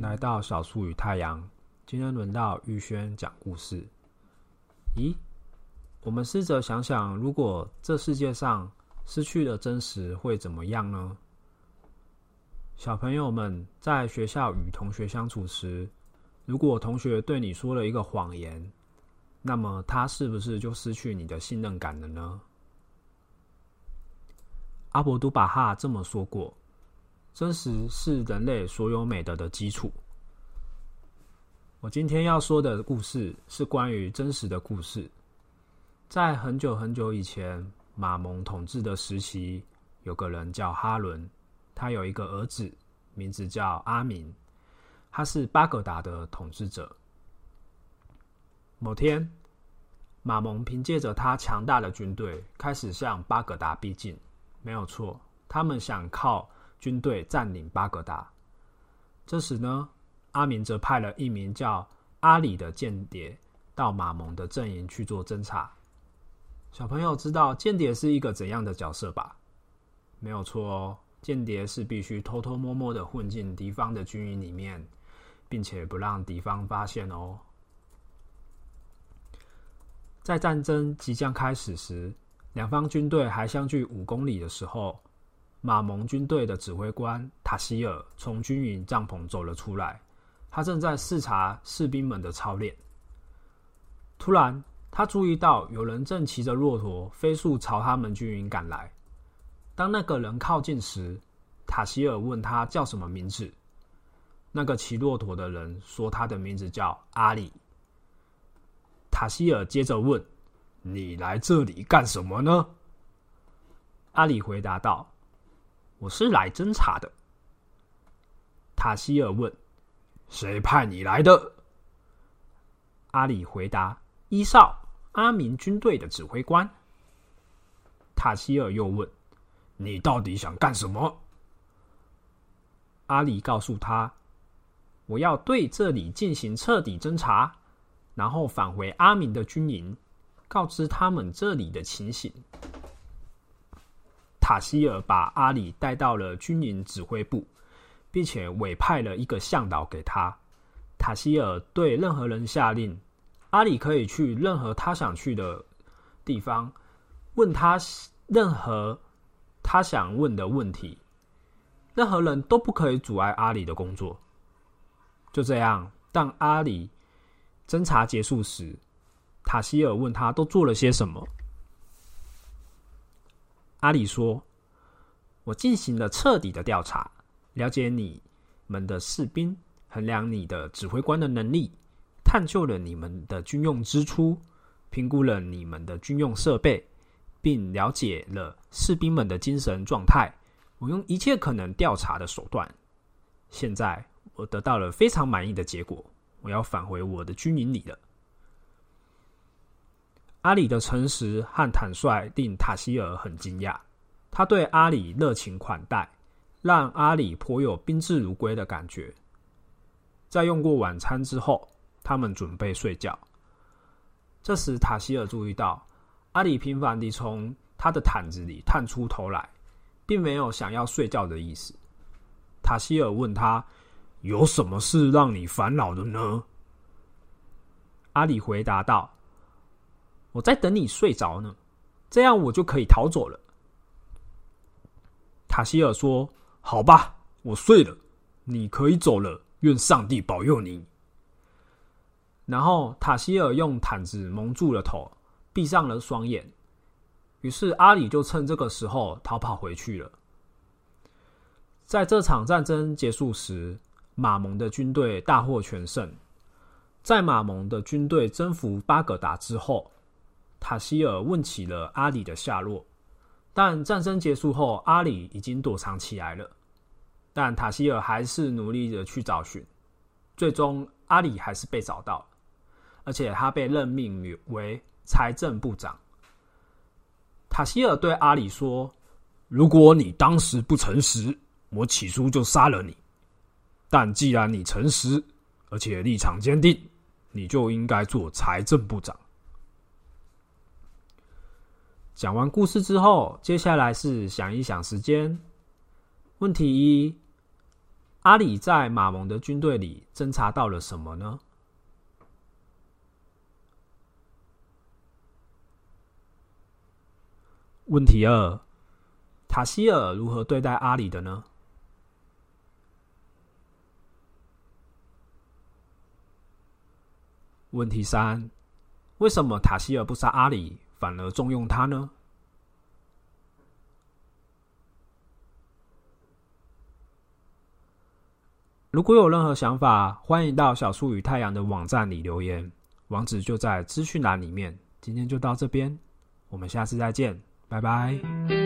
來到小樹與太陽，今天輪到玉軒講故事。咦？我們試着想想，如果這世界上失去了真實，會怎麼樣呢？小朋友們在學校與同學相處時，如果同學對你說了一個謊言，那麼他是不是就失去你的信任感了呢？阿博都巴哈這麼說過。真實是人類所有美德的基礎。我今天要說的故事是關於真實的故事。在很久很久以前，馬蒙統治的時期，有個人叫哈倫，他有一個兒子，名字叫阿明，他是巴格達的統治者。某天，馬蒙憑借着他強大的軍隊，開始向巴格達逼近。沒有錯，他們想靠軍隊佔領巴格達。這時呢，阿明則派了一名叫阿里的間諜到馬蒙的陣營去做偵查。小朋友知道間諜是一個怎樣的角色吧？沒有錯哦，間諜是必須偷偷摸摸的混進敵方的軍營裡面，並且不讓敵方發現哦。在戰爭即將開始時，兩方軍隊還相距五公里的時候。馬蒙軍隊的指揮官塔希爾從軍營帳篷走了出來，他正在視察士兵們的操練。突然，他注意到有人正騎着駱駝飛速朝他們軍營趕來。當那個人靠近時，塔希爾問他叫什麼名字。那個騎駱駝的人說他的名字叫阿里。塔希爾接着問：“你來這裡幹什麼呢？”阿里回答道，我是來偵查的。塔希爾問：“誰派你來的？”阿里回答：“伊紹阿明軍隊的指揮官。”塔希爾又問：“你到底想幹什麼？”阿里告訴他：“我要對這裡進行徹底偵查，然後返回阿明的軍營，告知他們這裡的情形。”塔希爾把阿里帶到了軍營指揮部，並且委派了一個嚮導給他。塔希爾對任何人下令：阿里可以去任何他想去的地方，問他任何他想問的問題，任何人都不可以阻礙阿里的工作。就這樣，當阿里偵查結束時，塔希爾問他都做了些什麼？阿里說：“我進行了徹底的調查，了解你們的士兵，衡量你的指揮官的能力，探究了你們的軍用支出，評估了你們的軍用設備，並了解了士兵們的精神狀態。我用一切可能調查的手段，現在我得到了非常滿意的結果。我要返回我的軍營裡了。”阿里的誠實和坦率令塔希爾很驚訝，他對阿里熱情款待，讓阿里頗有賓至如歸的感覺。在用過晚餐之後，他們準備睡覺。這時，塔希爾注意到阿里頻繁地從他的毯子裡探出頭來，並沒有想要睡覺的意思。塔希爾問他：“有什麼事讓你煩惱的呢？”阿里回答道，我在等你睡着呢，這樣我就可以逃走了。”塔希爾說，“好吧，我睡了，你可以走了。願上帝保佑你。”然後塔希爾用毯子蒙住了頭，閉上了雙眼。於是阿里就趁這個時候逃跑回去了。在這場戰爭結束時，馬蒙的軍隊大獲全勝。在馬蒙的軍隊征服巴格達之後，塔希爾問起了阿里的下落，但戰爭結束後，阿里已經躲藏起來了。但塔希爾還是努力的去找尋，最終阿里還是被找到，而且他被任命為財政部長。塔希爾對阿里說：“如果你當時不誠實，我起初就殺了你；但既然你誠實，而且立場堅定，你就應該做財政部長。”講完故事之後，接下來是想一想時間。問題一：阿里在馬蒙的軍隊裡偵查到了什麼呢？問題二：塔希爾如何對待阿里的呢？問題三：為什麼塔希爾不殺阿里，反而重用他呢？如果有任何想法，歡迎到小樹與太陽的網站裡留言，網址就在資訊欄裡面。今天就到這邊，我們下次再見，拜拜。